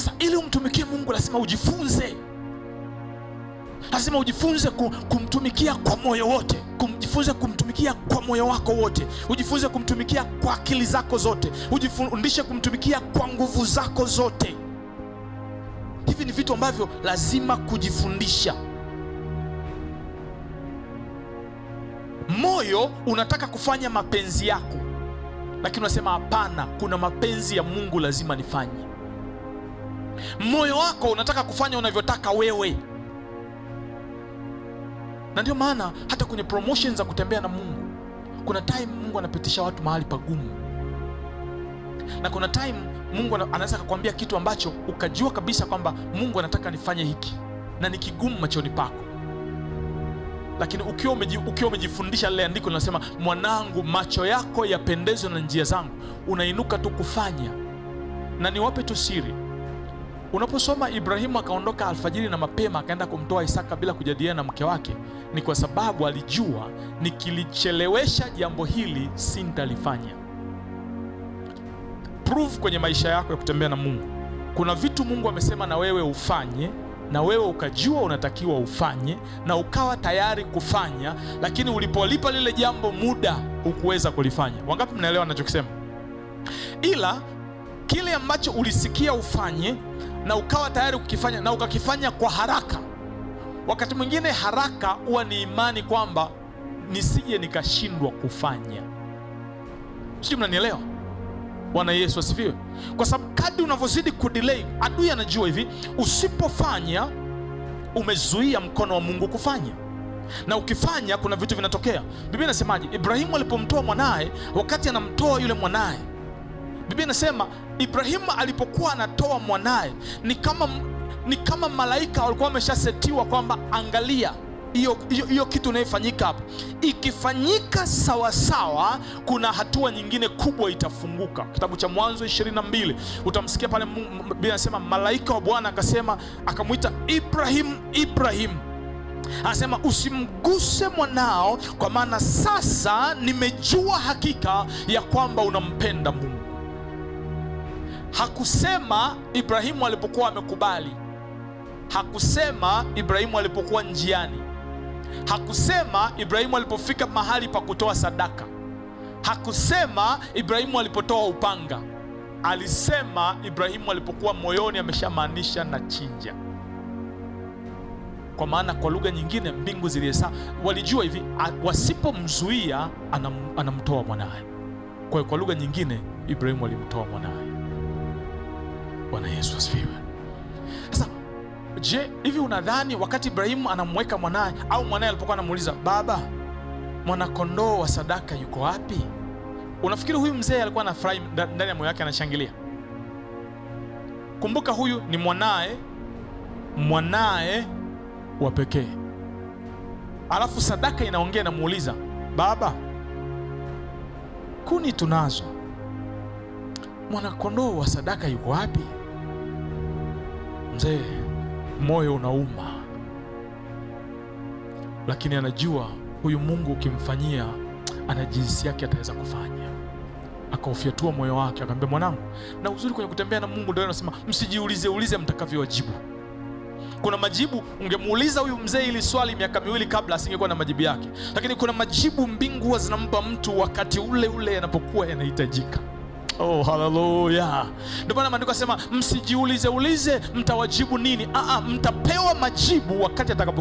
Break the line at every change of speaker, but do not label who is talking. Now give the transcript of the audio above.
Sasa ili umtumikie Mungu lazima ujifunze, lazima ujifunze kumtumikia kwa moyo wote, kumjifunze kumtumikia kwa moyo wako wote, ujifunze kumtumikia kwa akili zako zote, ujifundishe kumtumikia kwa nguvu zako zote. Hivi ni vitu ambavyo lazima kujifundisha. Moyo unataka kufanya mapenzi yako, lakini unasema hapana, kuna mapenzi ya Mungu lazima nifanye moyo wako unataka kufanya unavyotaka wewe, na ndio maana hata kwenye promotion za kutembea na Mungu kuna time Mungu anapitisha watu mahali pagumu, na kuna time Mungu anaweza kukuambia kitu ambacho ukajua kabisa kwamba Mungu anataka nifanye hiki na ni kigumu machoni pako, lakini ukiwa ukiwa umejifundisha lile andiko linasema, mwanangu, macho yako yapendezwe na njia zangu, unainuka tu kufanya. Na niwape tu siri Unaposoma Ibrahimu akaondoka alfajiri na mapema akaenda kumtoa Isaka bila kujadiliana na mke wake, ni kwa sababu alijua nikilichelewesha jambo hili sintalifanya. Proof kwenye maisha yako ya kutembea na Mungu, kuna vitu Mungu amesema na wewe ufanye na wewe ukajua unatakiwa ufanye na ukawa tayari kufanya, lakini ulipolipa lile jambo muda hukuweza kulifanya. Wangapi mnaelewa ninachokisema? Ila kile ambacho ulisikia ufanye na ukawa tayari kukifanya na ukakifanya kwa haraka. Wakati mwingine haraka huwa ni imani kwamba nisije nikashindwa kufanya. Sijui mnanielewa? Bwana Yesu asifiwe. Kwa sababu kadri unavyozidi kudelay, adui anajua hivi, usipofanya umezuia mkono wa Mungu kufanya, na ukifanya kuna vitu vinatokea. Biblia inasemaje? Ibrahimu alipomtoa mwanaye, wakati anamtoa yule mwanaye, Biblia inasema Ibrahimu alipokuwa anatoa mwanaye ni kama, ni kama malaika walikuwa wameshasetiwa kwamba angalia hiyo kitu inayofanyika hapa ikifanyika sawasawa, kuna hatua nyingine kubwa itafunguka. Kitabu cha Mwanzo 22 utamsikia pale Biblia inasema malaika wa Bwana akasema, akamwita Ibrahim, Ibrahim, anasema usimguse mwanao, kwa maana sasa nimejua hakika ya kwamba unampenda Mungu. Hakusema Ibrahimu alipokuwa amekubali, hakusema Ibrahimu alipokuwa njiani, hakusema Ibrahimu alipofika mahali pa kutoa sadaka, hakusema Ibrahimu alipotoa upanga. Alisema Ibrahimu alipokuwa moyoni ameshamaanisha na chinja. Kwa maana kwa lugha nyingine, mbingu zilihesabu, walijua hivi wasipomzuia anam, anamtoa mwanaye. Kwa hiyo kwa lugha nyingine Ibrahimu alimtoa mwanaye. Bwana Yesu asifiwe. Sasa je, hivi unadhani wakati Ibrahimu anamweka mwanaye au mwanaye alipokuwa anamuuliza baba, mwanakondoo wa sadaka yuko wapi? Unafikiri huyu mzee alikuwa anafurahi ndani ya moyo wake, anashangilia? Kumbuka huyu ni mwanaye, mwanaye wa pekee, alafu sadaka inaongea, inamuuliza baba, kuni tunazo, mwanakondoo wa sadaka yuko wapi? mzee, moyo unauma, lakini anajua huyu Mungu ukimfanyia, ana jinsi yake ataweza kufanya. Akaufyatua moyo wake, akamwambia mwanangu. Na uzuri kwenye kutembea na Mungu ndio anasema msijiulize ulize mtakavyowajibu. Kuna majibu ungemuuliza huyu mzee ili swali miaka miwili kabla asingekuwa na majibu yake, lakini kuna majibu mbingu zinampa mtu wakati ule ule yanapokuwa yanahitajika. Oh, haleluya! Ndio maana maandiko asema msijiulize ulize mtawajibu nini. Aa, ah, ah, mtapewa majibu wakati atakapo